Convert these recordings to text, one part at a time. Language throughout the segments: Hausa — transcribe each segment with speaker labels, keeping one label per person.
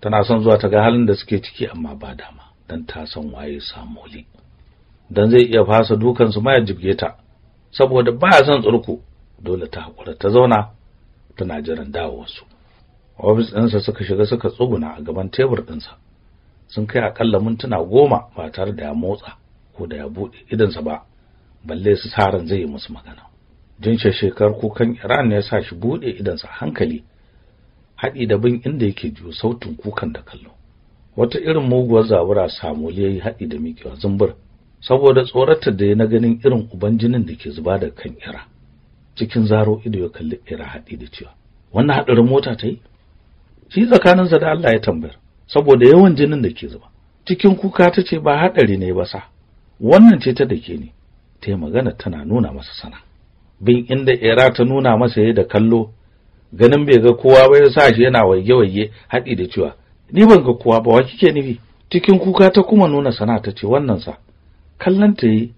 Speaker 1: tana son zuwa ta ga halin da suke ciki amma ba dama don ta san waye Samoli don zai iya fasa dukansu ma ya jibge ta saboda baya son tsurku dole ta haƙura ta zauna tana jiran dawowarsu ofis ɗinsa suka shiga suka tsuguna a gaban tebur ɗinsa sun kai akalla mintuna goma ba tare da ya motsa ko da ya buɗe idansa ba balle su saran zai yi musu magana jin shekar kukan iran ne ya sa shi buɗe idansa hankali haɗi da bin inda yake jiyo sautin kukan da kallo wata irin muguwar zabura samu ya yi haɗi da miƙewa zumbur saboda tsoratar da ya na ganin irin ubanjinin da ke zuba da kan ira cikin zaro ido ya kalli ira haɗi da cewa wannan haɗarin mota ta yi shi tsakaninsa da Allah ya tambayar saboda yawan jinin da ke zuba cikin kuka ta ce ba haɗari ne ba sa wannan ce ta dake ni ta yi magana tana nuna masa sana bin inda era ta nuna masa ya da kallo ganin bai ga kowa ba ya sa shi yana waige-waige haɗi da cewa ni ban ga kowa ba wa kike nufi cikin kuka ta kuma nuna sana ta ce wannan sa kallon ta yi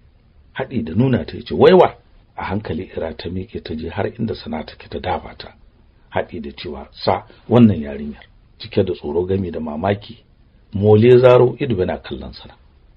Speaker 1: haɗi da nuna ta ce waiwa a hankali ira ta miƙe ta je har inda sana take ta dafa ta haɗi da cewa sa wannan yarinyar cike da tsoro gami da mamaki mole zaro ido yana kallon sana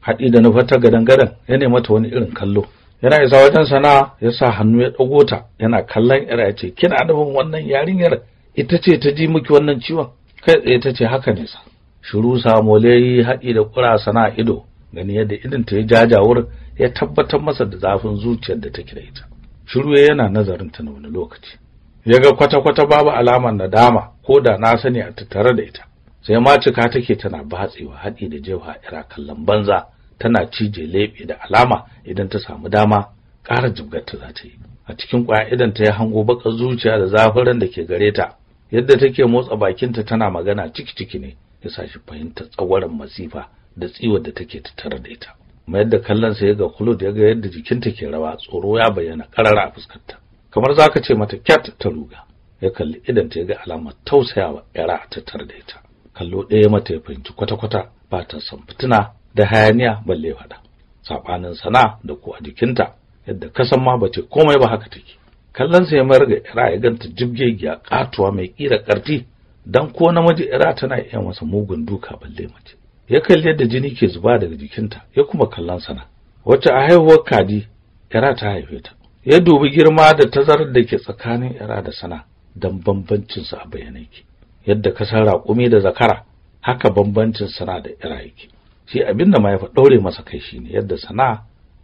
Speaker 1: haɗi da nufa ta gadan gadan ya nema ta wani irin kallo yana isa wajen sana ya sa hannu ya ɗago ta yana kallon ira ya ce kina nufin wannan yarinyar ita ce ta ji miki wannan ciwon kai tsaye ta ce haka ne sa shiru samole haɗi da ƙura sana ido gani yadda idan ta jajawar ya tabbatar masa da zafin zuciyar da take da ita shiruye yana nazarin ta na wani lokaci ya ga kwata-kwata babu alamar nadama ko da na sani a tattare da ita sai ma cika take tana batsewa haɗi da jewa ira kallon banza tana cije leɓe da alama idan ta samu dama ƙara jibgarta za ta yi a cikin ƙwaya idan ta ya hango baƙar zuciya da zafiran da ke gare ta yadda take motsa bakinta tana magana ciki-ciki ne ya sa shi fahimtar tsawon masifa da tsiwar da take tattare da ita mayar da kallon sa ya ga Khulud ya ga yadda jikinta ke rawa tsoro ya bayyana karara a fuskarta kamar zaka ce mata cat ta ruga ya kalli idan ta ga alamar tausayawa yara a tattare da ita kallo ɗaya mata ya fahimci kwata-kwata ba ta san fitina da hayaniya balle faɗa sabanin sana da ko a jikinta yadda kasan ma bace komai ba haka take kallon sa ya mayar ga yara ya ganta jibgegiya katuwa mai kira karti dan ko namiji ira tana iya masa mugun duka balle mace ya kalli yadda jini ke zuba daga jikinta ya kuma kallon sana wacce a haihuwar kaji, yara ta haife ta ya dubi girma da tazarar da ke tsakanin yara da sana don bambancin su a bayyana yake yadda ka san raƙumi da zakara haka bambancin sana da yara yake shi abin da mahaifa ɗaure masa kai shine yadda sana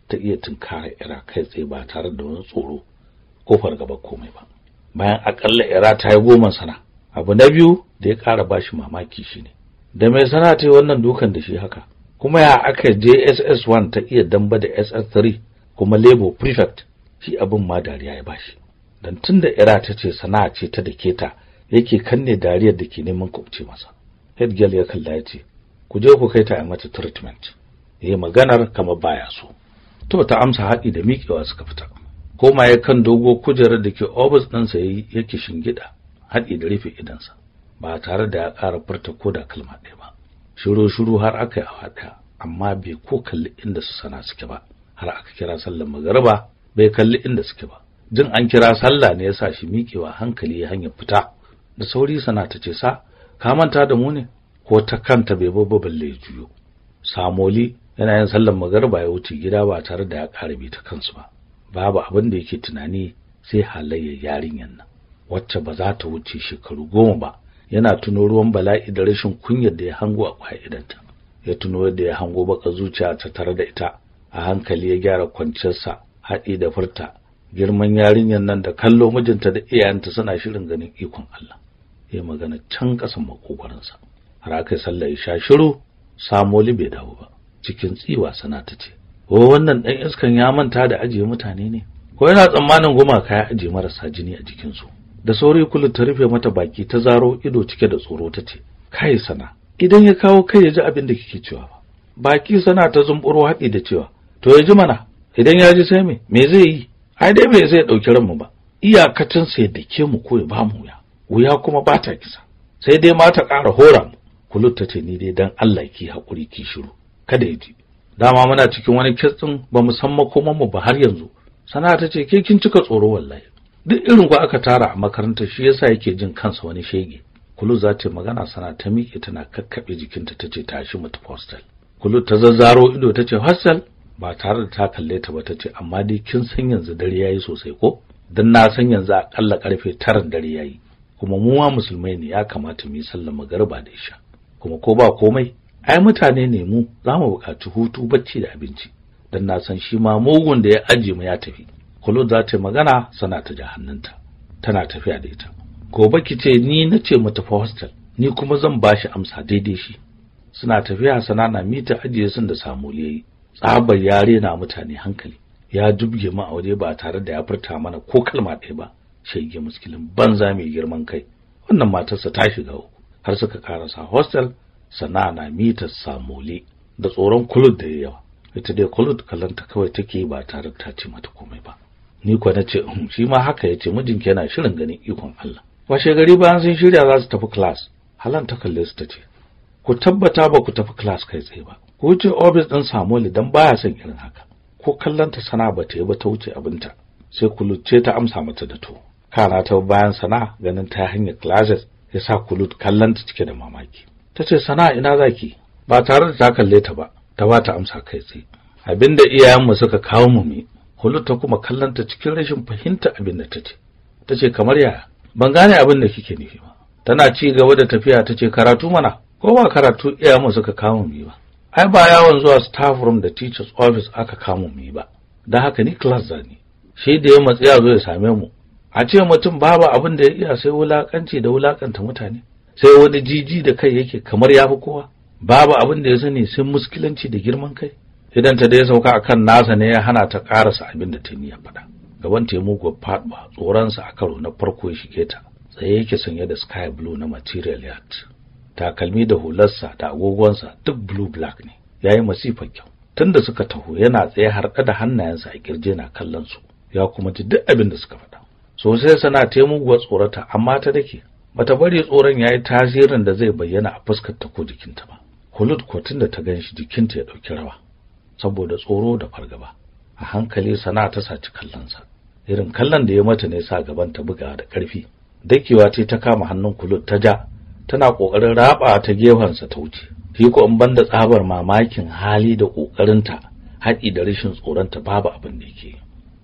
Speaker 1: ta iya tunkara yara kai tsaye ba tare da wani tsoro ko fargaba komai ba bayan akalla yara ta yi goma sana abu na biyu da ya ƙara bashi mamaki shine da mai sana ta yi wannan dukan da shi haka kuma ya aka JSS 1 ta iya damba da SS 3 kuma Labour prefect shi abin ma dariya ya bashi dan tunda ira ta ce sana'a ce ta dake ta yake kanne dariyar da ke neman kubce masa Headgirl ya kalla ya ce ku je ku kai ta a mata treatment yayi maganar kama baya so to ta amsa haɗi da miƙewa suka fita koma ya kan dogo kujerar da ke ofis ɗinsa yake shingida haɗi da rufe idansa ba tare da ya ƙara furta ko da kalma ɗaya ba shiru shiru har aka yi awa ɗaya amma bai ko kalli inda su sana suke ba har aka kira sallar magariba bai kalli inda suke ba jin an kira sallah ne ya sa shi miƙewa hankali ya hanyar fita da sauri sana ta ce sa ka manta da mu ne ko ta kanta bai babba balle ya juyo samoli yana yin sallar magariba ya wuce gida ba tare da ya ƙara bi ta kansu ba babu abin da yake tunani sai halayyar yarinyar nan wacce ba za ta wuce shekaru goma ba yana tuno ruwan bala'i da rashin kunyar da ya hango a kwa'idanta ya tuno yadda ya hango baka zuciya ta tare da ita a hankali ya gyara kwanciyarsa haɗi da furta girman yarinyar nan da kallo mijinta da iyayenta suna shirin ganin ikon Allah ya magana can ƙasan makogoransa har aka sallar ya sha shiru samoli bai dawo ba cikin tsiwa sana ta ce ko wannan dan iskan ya manta da ajiye mutane ne ko yana tsammanin gumaka ya ajiye marasa jini a jikinsu da sauri kullu ta rufe mata baki ta zaro ido cike da tsoro ta ce kai sana idan ya kawo kai ya ji abin da kike cewa ba baki sana ta zumburo haɗi da cewa to ya ji mana idan ya ji sai me me zai yi ai dai me zai ɗauki ranmu ba iyakacin sai da ke mu ko ya ba mu wuya wuya kuma ba ta kisa sai dai ma ta ƙara hora mu kulut ta ce ni dai dan Allah ki haƙuri ki shiru kada ya ji dama muna cikin wani kitsin ba mu san makoman mu ba har yanzu sana ta ce ke kin cika tsoro wallahi duk irin ku aka tara a makarantar shi yasa yake jin kansa wani shege kulu za ta magana sana ta miƙe tana kakkaɓe jikinta ta ce tashi mutu hostel kulu ta zazzaro ido ta ce hostel ba tare da ta kalle ta ba ta ce amma dai kin san yanzu dare yayi sosai ko dan na san yanzu akalla karfe tarin dare yayi kuma mu ma musulmai ne ya kamata mu yi sallar magariba da isha kuma ko ba komai ai mutane ne mu za mu buƙaci hutu bacci da abinci dan na san shi ma mugun da ya aje mu ya tafi Kulud za ta magana sana ta ji hannunta tana tafiya da ita gobe ki ce ni na ce mu tafi hostel ni kuma zan ba shi amsa daidai shi suna tafiya sana na mita ajiye sun da samu yayi tsabar yare na mutane hankali ya dubge mu waje ba tare da ya furta mana ko kalma ɗaya ba shege muskilin banza mai girman kai wannan matarsa ta shiga uku har suka karasa hostel sana na mita samole da tsoron kulud da yawa ita dai kulud kallanta kawai take ba tare ta ce mata komai ba ni kuwa na ce hmm, shi ma haka ya ce mijinki yana shirin ganin ikon Allah washe gari bayan sun shirya za su tafi class halan ta kalle su ta ce ku tabbata ba ku tafi class kai tsaye ba ku wuce office din Samuel dan baya son irin haka ko kallon ta sana ba ta yi ba ta wuce abinta sai luce ta amsa mata da to kana ta bayan sana ganin ta hanyar classes ya sa kulut kallon ta cike da mamaki ta ce sana ina zaki ba tare da ta kalle ta ba ta ba ta amsa kai tsaye abinda iyayenmu suka kawo mu mi Kullu ta kuma kallanta cikin rashin fahimta abin da ta ce. Ta kamar yaya? Ban gane abin da kike nufi ba. Tana ci gaba da tafiya tace karatu mana. Ko ba karatu iya mu suka kama mu ba. Ai ba yawon zuwa staff room da teachers office aka kama mu ba. Dan haka ni class zani. Shi da ya matsi ya zo ya same mu. A ce mutum babu abin da ya iya sai wulakanci da wulakanta mutane. Sai wani jiji da kai yake kamar yafi kowa. Babu abin da ya sani sai muskilanci da girman kai. idan ta dai sauka akan nasa ne ya hana ta karasa abin da ta niyya faɗa gaban temu go faɗuwa tsoronsa a karo na farko ya shige ta tsaye yake sanye da sky blue na material yacht takalmi da hularsa da agogonsa duk blue black ne yayi masifa kyau tunda suka taho yana tsaye harɗa da hannayensa a kirje na kallon su ya kuma ji duk abin da suka faɗa sosai sana taimuguwar tsorata amma ta dake bata bari tsoron yayi tasirin da zai bayyana a fuskar ta ko jikinta ba Hulud ko tunda ta ganshi jikinta ya ɗauki rawa saboda tsoro da fargaba a hankali sana ta saci kallonsa irin kallon da ya mata ne sa gaban ta buga da ƙarfi dakewa ce ta kama hannun kulut ta ja tana ƙoƙarin raba ta gefensa ta wuce shi ko in banda tsabar mamakin hali da ƙoƙarinta haɗi da rashin tsoronta babu abin da yake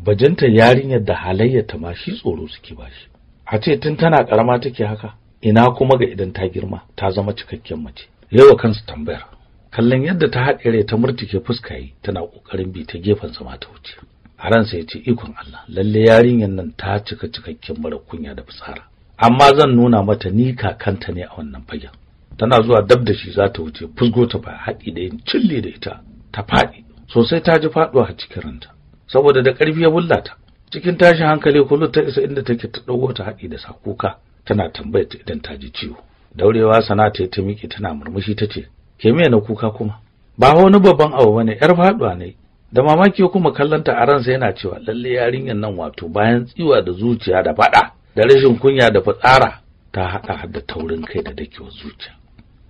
Speaker 1: bajinta yarinyar da halayyarta ma shi tsoro suke bashi a ce tun tana ƙarama take haka ina kuma ga idan ta girma ta zama cikakken mace yau kansu tambayar kallon yadda ta haɗe rai ta murtuke fuska yi tana ƙoƙarin bi ta gefen sama ta wuce A ransa ya ce ikon Allah lalle yarinyar nan ta cika cikakken mara kunya da fitsara amma zan nuna mata ni kakanta ne a wannan fagen tana zuwa dab da shi za ta wuce fusgo ta fa haɗi da yin cille da ita ta faɗi sosai ta ji faɗuwa a cikin ranta saboda da ƙarfi ya bullata cikin tashin hankali kullu ta isa inda take ta ɗago ta haɗi da sakuka tana tambayar ta idan ta ji ciwo daurewa sana'a ta ta miƙe tana murmushi ta ce ke na kuka kuma ba wani babban abu bane yar faduwa ne da mamaki kuma kallanta a ransa yana cewa lalle yarinyar nan wato bayan tsiwa da zuciya da fada da rashin kunya da fitsara ta hada da taurin kai da dakewar zuciya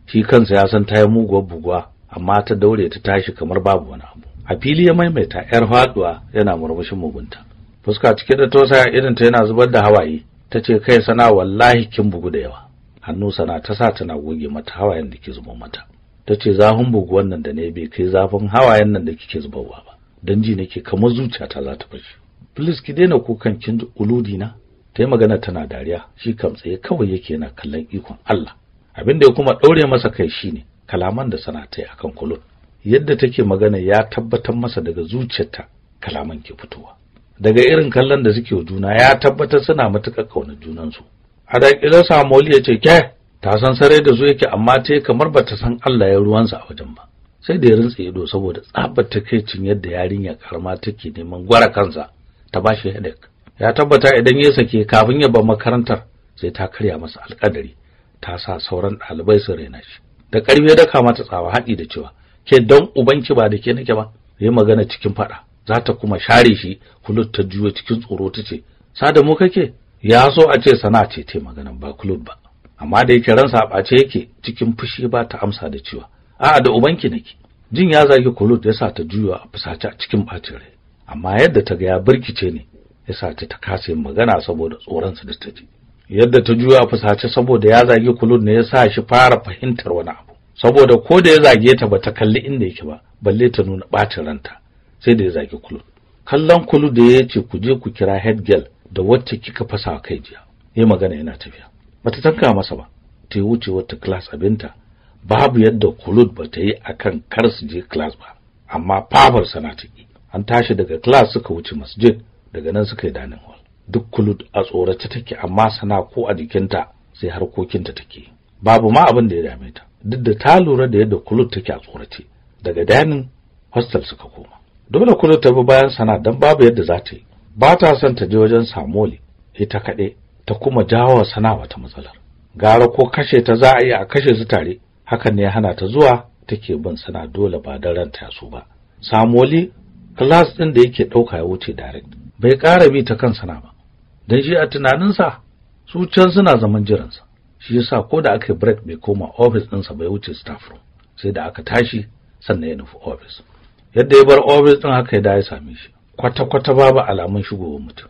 Speaker 1: shi kansa ya san ta yi muguwar buguwa amma ta daure ta tashi kamar babu wani abu a fili ya maimaita yar faduwa yana murmushin mugunta fuska cike da tosa irin ta yana zubar da hawaye ta ce kai sana wallahi kin bugu da yawa hannu sana ta sa tana goge mata hawayen da ke zubo mata ta ce zafin buguwan nan da ne bai kai zafin hawayen nan da kike zubarwa ba dan ji nake kamar zuciyata za ta fashi please ki daina kukan kin uludi na ta yi magana tana dariya shi kam tsaye kawai yake yana kallon ikon Allah abin da ya kuma ɗaure masa kai shine kalaman da sana ta akan kulun yadda take magana ya tabbatar masa daga zuciyarta kalaman ke fitowa daga irin kallon da suke wa juna ya tabbatar suna matuƙar ƙaunar junansu a daƙilar samoli ya ce ke ta san sarai da zo yake amma ta yi kamar bata san Allah ya ruwansa a wajen ba sai da ya rintsa ido saboda tsabar ta cin yadda yarinya karma take neman gwara kansa ta bashi headache ya tabbata idan ya sake kafin ya bar makarantar sai ta karya masa alƙadari ta sa sauran ɗalibai su raina shi da ƙarfi da kama ta tsawa haɗi da cewa ke dan ubanki ba da ke nake ba yayi magana cikin faɗa za ta kuma share shi kulut ta juyo cikin tsoro ta ce sa da mu kake ya so a ce sana ce te maganan ba kulut ba amma da yake ransa a ɓace yake cikin fushi ba ta amsa da cewa a'a da ubanki nake jin ya zagi kulut ya sa ta juyo a fusace a cikin ɓacin rai amma yadda ta ga ya birkice ne ya ta ta kasa yin magana saboda tsoron tsoronsa da ta ji yadda ta juyo a fusace saboda ya zagi kulut ne ya sa shi fara fahimtar wani abu saboda ko da ya zage ta ba ta kalli inda yake ba balle ta nuna ɓacin ranta sai da ya zagi kulut kallon kulut da ya ce ku je ku kira head girl da wacce kika fasa kai jiya ya magana yana tafiya bata tanka masa ba ta wuce wata class abinta babu yadda kulud ta yi akan kar su je class ba amma fabar sana ta yi an tashi daga class suka wuce masjid daga nan suka yi dining hall duk kulud a tsorace take amma sana ko a jikinta sai harkokinta take babu ma abin da ya dame ta duk da ta lura da yadda kulud take a tsorace daga dining hostel suka koma dole kulud ta bi bayan sana dan babu yadda za ta yi ba ta son ta je wajen samoli ita kaɗai ta kuma jawo sana ta matsalar gara ko kashe ta za a yi a kashe su tare hakan ne hana ta zuwa take bin sana dole ba da ranta su ba samoli class din da yake dauka ya wuce direct bai ƙara bi ta kan sana ba dan shi a tunaninsa su can suna zaman jiransa shi yasa ko da aka break bai koma office ɗinsa bai wuce staff room sai da aka tashi sannan ya nufi office yadda ya bar office ɗin haka ya dawo ya same shi kwata-kwata babu alamun shigowar mutum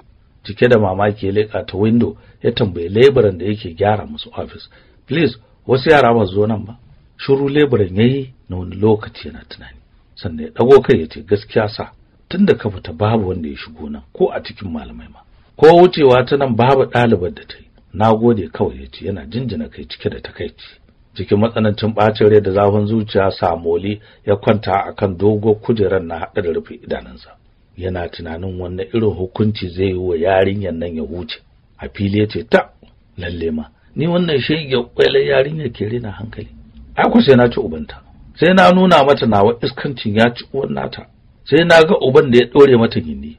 Speaker 1: cike da mamaki ya leƙa ta window ya tambayi leburan da yake gyara musu office please wasu yara ba zo nan ba shiru leburan yayi na wani lokaci yana tunani sannan ya ɗago kai ya ce gaskiya sa tunda ka fita babu wanda ya shigo nan ko a cikin malamai ma ko wucewa ta nan babu ɗalibar da ta yi na gode kawai ya ce yana jinjina kai cike da takaici cikin matsanancin ɓacin rai da zafin zuciya samoli ya kwanta akan dogo kujerar na haɗa da rufe idanunsa yana tunanin wanne irin hukunci zai yi wa yarinyar nan ya huce a fili ce ta lalle ma ni wannan ya kwailar yarinyar ke rina hankali ai ku sai na ci ubanta sai na nuna mata nawa iskancin ya ci uwan nata sai na ga uban da ya dore mata gindi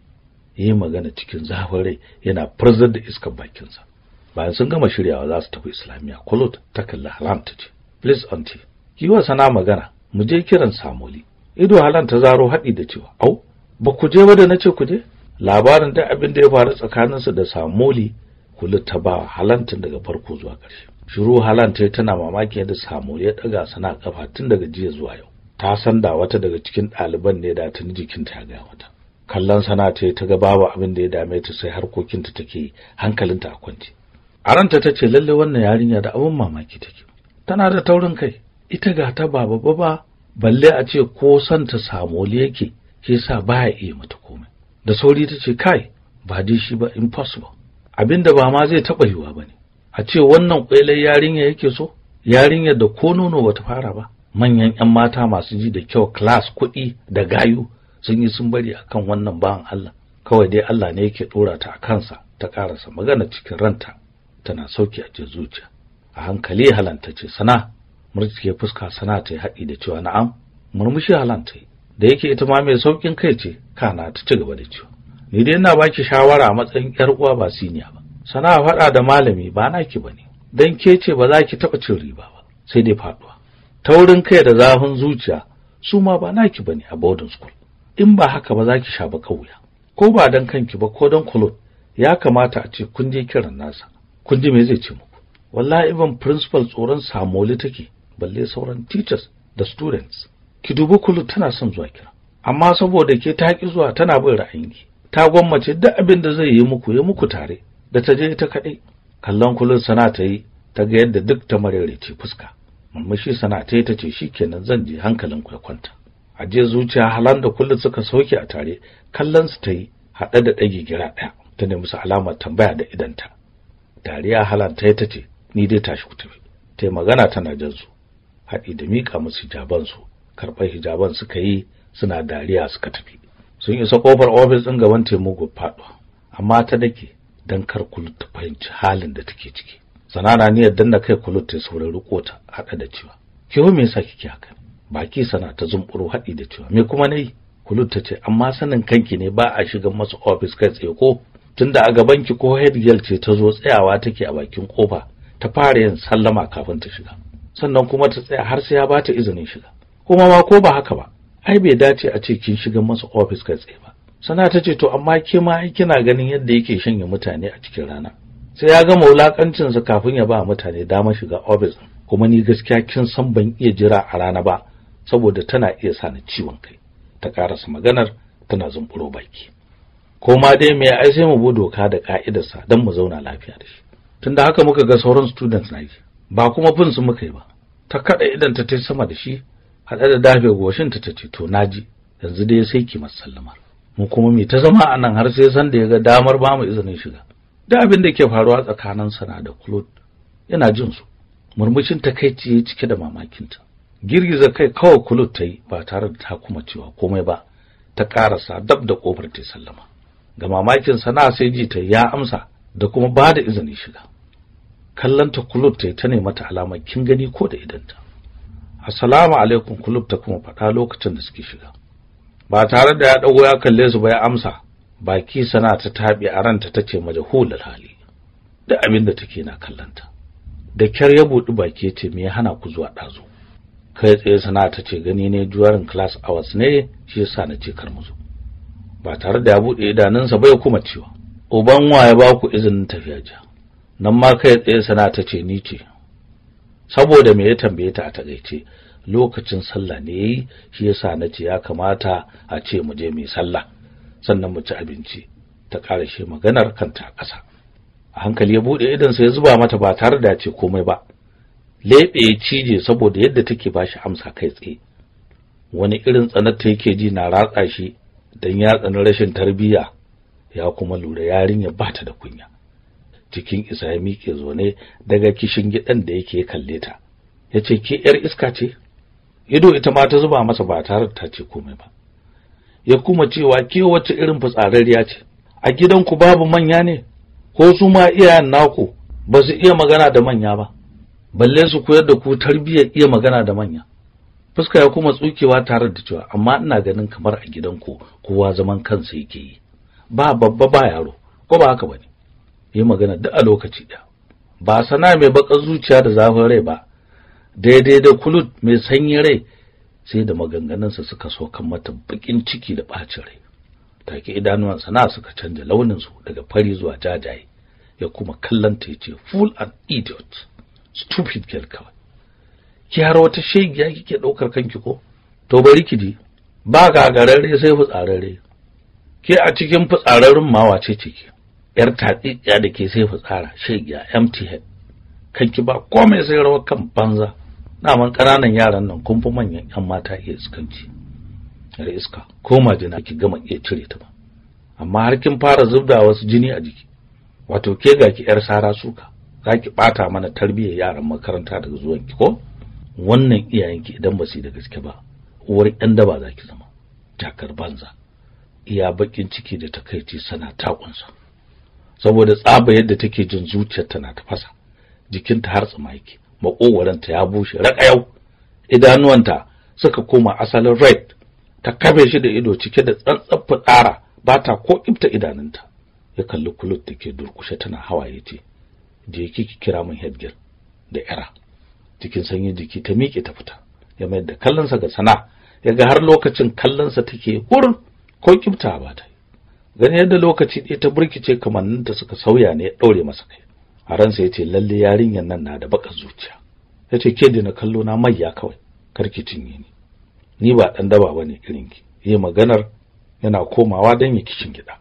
Speaker 1: yi magana cikin zafin rai yana farzar da iskar bakinsa bayan sun gama shiryawa za su tafi islamiya kulot ta kalli halam ta ce please auntie ki sana magana mu je kiran samoli ido halan ta zaro haɗi da cewa au ba ku je ba da na ce ku je labarin da abin da ya faru tsakaninsu da samoli kulu ta ba halantin daga farko zuwa ƙarshe shiru halanta tana mamaki yadda samoli ya ɗaga sana kafa tun daga jiya zuwa yau ta san da wata daga cikin ɗaliban ne da tuni jikinta ya gaya wata kallon sana ta ta ga babu abin da ya dame ta sai harkokinta take hankalinta a kwance a ranta ta ce lalle wannan yarinya da abin mamaki take tana da taurin kai ita ga ta ba babba ba balle a ce ko son ta samoli yake shi yasa baya iya mata komai da sauri ta ce kai ba dai shi ba impossible abinda ba ma zai taɓa yiwa ba ne a ce wannan ƙwailai yarinya yake so yarinyar da ko nono bata fara ba manyan 'yan mata masu ji da kyau class kuɗi da gayu sun yi sun bari akan wannan bawan Allah kawai dai Allah ne yake dora ta a kansa ta karasa magana cikin ranta tana sauki a cikin zuciya a hankali halanta ce sana ke fuska sana ta yi haɗi da cewa na'am murmushi halanta yi da yake ita ma mai saukin kai ce kana ta ci gaba da ciwo ni dai ina baki shawara a matsayin yar uwa ba siniya ba sana'a faɗa da malami ba naki bane dan ke ce ba za ki taɓa cin riba ba sai dai faduwa taurin kai da zafin zuciya su ma ba naki bane a boarding school in ba haka ba za ki sha ba kauya ko ba dan kanki ba ko dan kulot ya kamata a ce kun je kiran nasa kun ji me zai ce muku wallahi even principal tsoron samoli take balle sauran teachers da students ki dubi kullum tana son zuwa kira amma saboda ke ta ki zuwa tana bin ra'ayinki ta gwammace duk abin da zai yi muku ya muku tare da ta je ta kaɗai kallon kullum sana ta yi ta ga yadda duk ta ce fuska murmushi sana ta yi ta ce shikenan zan je hankalin kwaikwanta a je zuciya halan da kullum suka sauke a tare kallon su ta yi haɗe da ɗage gira ɗaya ta nemi su alamar tambaya da idanta dariya halan ta yi ta ce ni dai tashi ku tafi ta magana tana jan su haɗi da miƙa musu jaban karɓar hijaban suka yi suna dariya suka tafi sun isa kofar ofis ɗin gaban taimako faɗo amma ta dake don kar kulut ta fahimci halin da take ciki sanana niyyar na kai kulut ta saurin rikota haɗa da cewa ke me yasa kike haka baki sana ta zumburo haɗi da cewa me kuma nayi kulut ta ce amma sanin kanki ne ba a shiga masa ofis kai tsaye ko tunda a gaban ki ko head girl ce ta zo tsayawa take a bakin kofa ta fara yin sallama kafin ta shiga sannan kuma ta tsaya har sai ya bata izinin shiga kuma ma ko ba haka ba ai bai dace a ce kin shiga masa ofis kai tsaye ba sana ta ce to amma ke ma ai kina ganin yadda yake shanye mutane a cikin rana sai ya gama wulakancinsa kafin ya ba mutane dama shiga ofis kuma ni gaskiya kin san ban iya jira a rana ba saboda tana iya sa ni ciwon kai ta karasa maganar tana zumburo baki ko ma dai me ai sai mu bu doka da ka'idarsa don mu zauna lafiya da shi tunda haka muka ga sauran students na ba kuma fin su muka yi ba ta kada idan ta tai sama da shi haɗe da dafe goshinta ta ce to naji yanzu dai sai ki sallamar mu kuma me ta zama a nan har sai san da ya ga damar ba mu izinin shiga da abin da ke faruwa tsakanin sana da Claude yana jin su murmushin ta kai ya cike da mamakinta girgiza kai kawai Claude ta ba tare da ta kuma cewa komai ba ta karasa dab da kofar ta sallama ga mamakin sana sai ji ta ya amsa da kuma bada izinin shiga kallanta Claude ta yi ta ne mata alamar kin gani ko da idanta assalamu alaikum kulub ta kuma faɗa lokacin da suke shiga ba tare da ya ɗago ya kalle su ba ya amsa baki sana ta taɓe a ranta ta ce majahulul hali da abin da take na kallanta da kyar ya buɗi baki ce me ya hana ku zuwa ɗazu kai tsaye sana ta ce gani ne juwarin class hours ne shi yasa na ce kar mu zo ba tare da ya buɗe idanunsa bai kuma cewa uban waye ba ku izinin tafiya ja nan ma kai tsaye sana ta ce ni ce saboda me ya tambaye ta a takaice lokacin sallah ne yayi shi yasa nace ya kamata a ce mu je mu sallah sannan mu ci abinci ta shi maganar kanta a ƙasa a hankali ya bude idan sa ya zuba mata ba tare da ce komai ba lebe ya cije saboda yadda take shi amsa kai tsaye wani irin tsanarta yake ji na ratsa shi dan ya na rashin tarbiyya ya kuma lura yarinya ta da kunya jikin isa ya miƙe zaune daga kishin gidan da yake kalle ta ce, ke yar iska ce ido ita ma ta zuba masa ba tare ta ce komai ba ya kuma cewa ke wace irin fitsarariya ce a gidanku babu manya ne ko su ma iyayen naku ba su iya magana da manya ba balle su koyar da ku tarbiyyar iya magana da manya fuska ya kuma tsukewa tare da cewa amma ina ganin kamar a gidan ku kowa zaman kansa yake yi ba babba ba yaro ko ba haka bane yi magana duk a lokaci ɗaya ba sana mai baƙar zuciya da zafin rai ba daidai da kulut mai sanyi rai sai da maganganunsa suka so kan mata bakin ciki da ɓacin rai take idanuwan sana suka canja launinsu daga fari zuwa jajaye ya kuma kallon ya ce full and idiot stupid girl kawai ki har wata shegiya kike ɗaukar kanki ko to bari ki ji ba gagararre sai fitsararre ke a cikin fitsararrun ma wace ce ke yar tatsiya da ke sai fitsara shegiya empty head kanki ba komai sai rawar kan banza naman ƙananan yaran nan kun fi manyan yan mata iya iskanci yar iska ko majina ki gama iya cire ta ba amma har kin fara zubda wasu jini a jiki wato ke ga ki yar sara suka zaki bata mana tarbiyyar yaran makaranta daga zuwan ki ko wannan iyayenki idan ba su da gaske ba uwar yan daba ki zama takar banza iya bakin ciki da takaici sana takunsa saboda tsaba yadda take jin zuciyarta na tafasa jikinta har tsuma yake makowaranta ya bushe raƙayau idanuwanta suka koma asalin red ta kabe shi da ido cike da tsantsan fitsara ba ta ko ibta idanunta ya kalli kulut da ke durkushe tana hawaye ce da yake ki kira min headgirl da era cikin sanyin jiki ta miƙe ta fita ya mayar da kallonsa ga sana ya ga har lokacin kallonsa take hur ko kibta ba ta gani yadda lokaci ɗaya ta burkice kamanninta suka sauya ne ya ɗaure masa kai a ransa ya ce lalle yarinyar nan na da baƙar zuciya ya ce ke na kallo na mayya kawai karki cinye ni ni ba ɗan daba ba ne ki. yi maganar yana komawa don ya kishin gida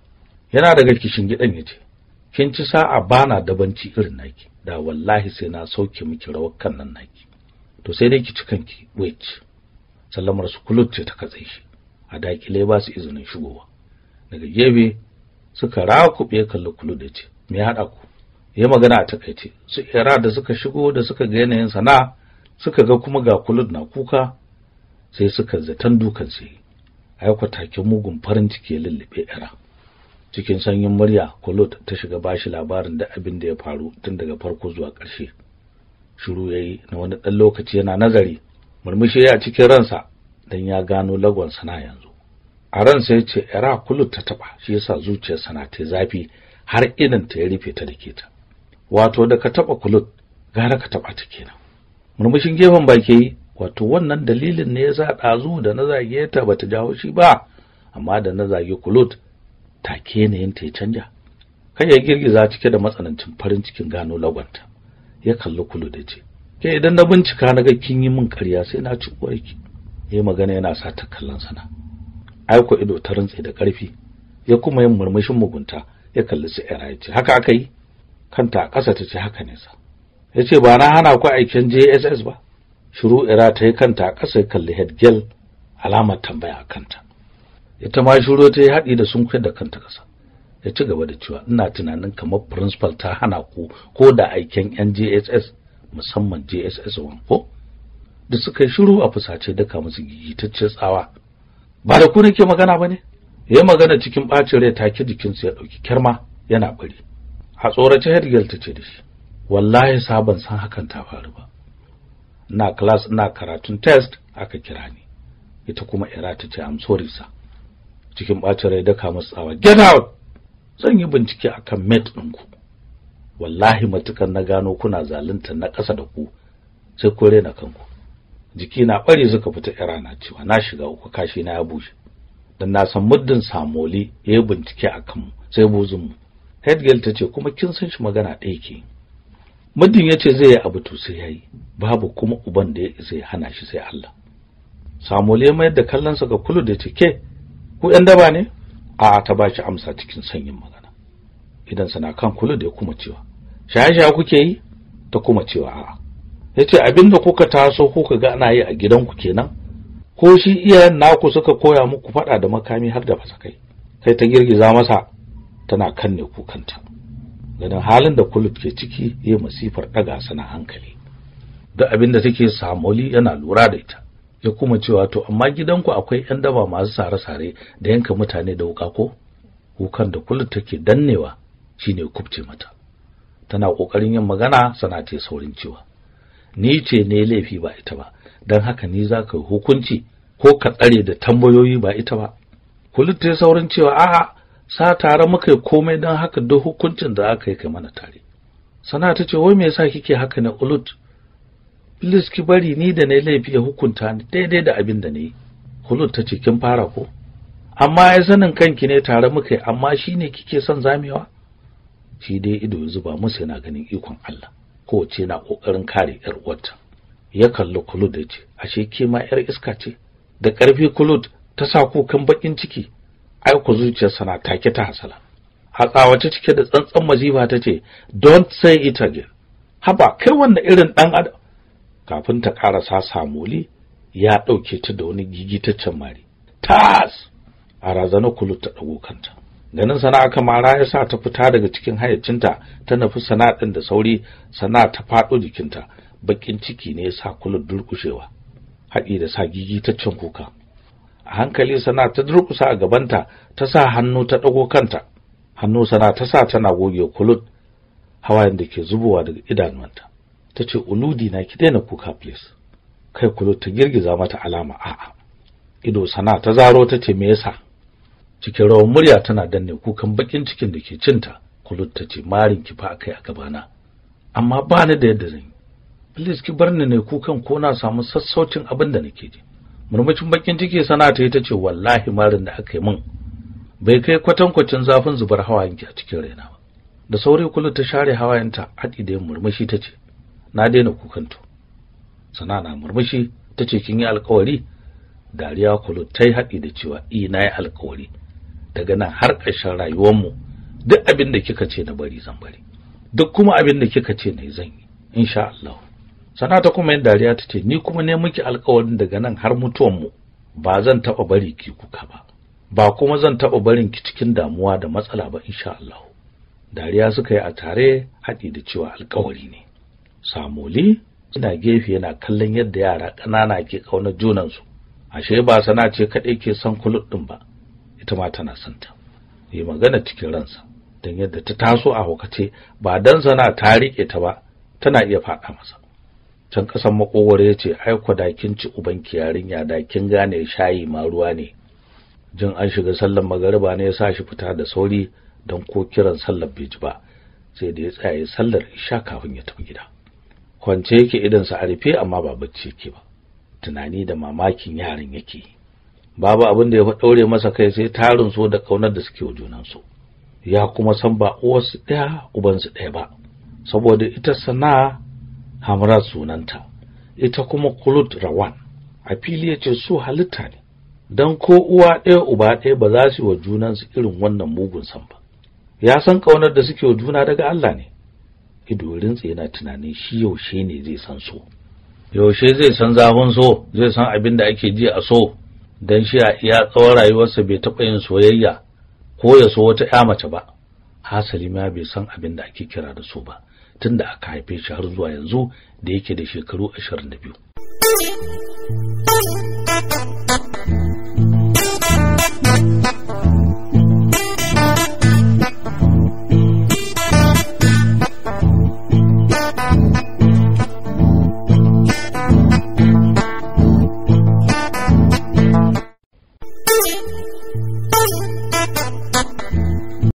Speaker 1: yana daga kishin gidan ya ce kin ci sa'a bana dabanci irin naki da wallahi sai na sauke miki rawar kan nan naki to sai dai ki ci kanki wait sallamar su kulut ce ta katse shi a dakile ba su izinin shigowa daga gefe suka rakuɓe kalli kulu da ce me haɗa ku ya magana a takaice su era da suka shigo da suka ga yanayin sana suka ga kuma ga kulud na kuka sai suka zaton dukan sai aiko take mugun farin ciki ya lullube era cikin sanyin murya kulud ta shiga bashi labarin da abin da ya faru tun daga farko zuwa ƙarshe shiru yayi na wani ɗan lokaci yana nazari murmushi ya cikin ransa dan ya gano lagon sana yanzu a ransa ya ce yara kulut ta taba shi yasa zuciyarsa na ta zafi har idan ta ya rufe ta dake ta wato da ka taba kulut gara ka taba ta kenan murmushin gefen baki wato wannan dalilin ne yasa dazu da na zage ta bata jawo shi ba amma da na zage kulut take kenan yin ta canja kai ya girgiza cike da matsanancin farin cikin gano lagwanta ya kalli kulut da ce ke idan na bincika na ga kin yi min ƙarya sai na ci uwarki yayi magana yana sa ta kallon sana aiko ido ta rantse da ƙarfi ya kuma yin murmushin mugunta ya kalli su ya ce haka aka yi kanta a ƙasa ta ce haka ne sa ya ce ba na hana ku aikin JSS ba shiru ira ta yi kanta a ƙasa ya kalli head girl alamar tambaya a kanta ita ma shiru ta yi haɗi da sun da kanta ƙasa ya ci gaba da cewa ina tunanin kamar principal ta hana ku ko da aikin yan JSS musamman JSS 1 ko da suka yi shiru a fusace daka musu gigitaccen tsawa ba da ku nake magana ba ne ya magana cikin bacin rai take jikinsu ya ɗauki kirma yana bari a tsorace headgirl ta ce da shi wallahi sabon san hakan ta faru ba ina class ina karatun test aka kira ni ita kuma ira ta ce am sorry sa cikin bacin rai daka masu tsawa get out zan yi bincike akan met ɗinku wallahi matukan na gano kuna zalunta na ƙasa da ku sai ku rena kanku jiki na bare suka fita na cewa na shiga uku kashi na ya bushe dan na san muddin samoli yayi bincike akan mu sai buzun mu Hedgel ta ce kuma kin san shi magana ɗaya ke muddin ya ce zai yi abu to sai yayi babu kuma uban da ya isa ya hana shi sai Allah samoli ya mayar da kallonsa ga kulu da ce ke ku ƴan daba ne a'a ta ba shi amsa cikin sanyin magana idan sana kan kulu da ya kuma cewa shaya shaya kuke yi ta kuma cewa a'a yace abinda kuka taso kuka ga ana yi a gidanku kenan ko shi iyayen naku suka koya muku faɗa da makami har da fasakai kai ta girgiza masa tana kanne kukanta ganin halin da kulub ke ciki ya masifar ɗaga sana hankali da abin da take samoli yana lura da ita ya kuma cewa to amma gidanku akwai 'yan daba masu sare-sare da yanka mutane da wuka ko kukan da kulub take dannewa shine kubce mata tana kokarin yin magana sana ce saurin cewa ni ce ne laifi ba ita ba don haka ni za ka hukunci ko ka tsare da tambayoyi ba ita ba kulit ya saurin cewa a'a sa tare muka komai don haka duk hukuncin da aka yi kai mana tare sana ta ce wai me yasa kike haka ne, ulut please ki bari ni da na laifi ya hukunta ni daidai da abin da nayi ulut ta ce kin fara ko amma ya sanin kanki ne tare muka yi amma shine kike son zamewa shi dai ido zuba musu yana ganin ikon Allah kowace na kokarin kare yar uwarta ya kalli Kulud ya ce ashe ke ma yar iska ce da ƙarfi Kulud ta sa kukan baƙin ciki ai ku zuciyarsa na take ta hasala hatsawace cike da tsantsan maziba ta ce don't say it again haba kai wanda irin ɗan adam kafin ta karasa samuli ya ɗauke ta da wani gigitaccen mari tas a razana kulud ta dago kanta ganin sana'a mara ya sa ta fita daga cikin hayyacinta ta nufi sana'a ɗin da sauri sana'a ta faɗo jikinta bakin ciki ne ya sa kulun durkushewa haɗi da sa gigi ta cin kuka a hankali sana ta durkusa a gabanta ta sa hannu ta ɗago kanta hannu sana ta sa tana goge kulut hawayen da ke zubowa daga idanuwanta ta ce uludi na ki daina kuka please kai kulut ta girgiza mata alama a'a ido sana'a ta zaro ta ce me yasa cikin rawar murya tana danne kukan bakin cikin da ke cinta kulut ta ce marin ki fa akai a gabana amma ba ni da yadda zan yi please ki bar ni ne kukan ko na samu sassaucin abin da nake ji murmucin bakin ciki sana ta yi ta ce wallahi marin da aka yi min bai kai kwatankwacin zafin zubar hawayenki a cikin raina ba da sauri kulut ta share hawayenta haɗi da murmushi ta ce na daina to sana na murmushi ta ce kin yi alkawari dariya kulut ta yi haɗi da cewa i eh, na yi alkawari daga nan har ƙarshen rayuwar mu duk abin da kika ce na bari zan bari duk kuma abin da kika ce na zan yi insha Allah sanata kuma yin dariya ta ce ni kuma ne miki alƙawarin daga nan har mutuwan mu. ba zan taɓa bari ki kuka ba ba kuma zan taɓa barin ki cikin damuwa da matsala ba insha Allah dariya suka yi a tare haɗi da cewa alƙawari ne samoli ina gefe yana kallon yadda yara ƙanana ke ƙaunar junansu ashe ba sana ce kaɗai ke son kulut ɗin ba ita ma tana son ta yi magana cikin ransa don yadda ta taso a hukace ba dan sana ta rike ta ba tana iya faɗa masa can kasan makogwaro ya ce aiko da kin ci ubanki yarinya da kin gane shayi ma ruwa ne jin an shiga sallar magariba ne ya sa shi fita da sauri don ko kiran sallar bai ba sai da ya tsaya sallar isha kafin ya tafi gida kwance yake idan sa a rufe amma ba bacci yake ba tunani da mamakin yaran yake babu abin da ya daure masa kai sai tarin so da kaunar da suke wa junansu ya kuma san ba uwarsu ɗaya ubansu ɗaya ba saboda ita sana hamra sunanta ita kuma kulut rawan a fili yace su halitta ne dan ko uwa ɗaya uba ɗaya ba za su yi wa junansu irin wannan mugun san ba ya san ƙaunar da suke wa juna daga Allah ne idorinsa yana tunanin shi yaushe ne zai san so yaushe zai san zafin so zai san abin da ake ji a so don shi a iya tsawon rayuwarsa bai taɓa yin soyayya ko ya so wata ƴa mace ba hasali ma bai san abin da ake kira da su ba tunda aka haife shi har zuwa yanzu da yake da shekaru ashirin da biyu.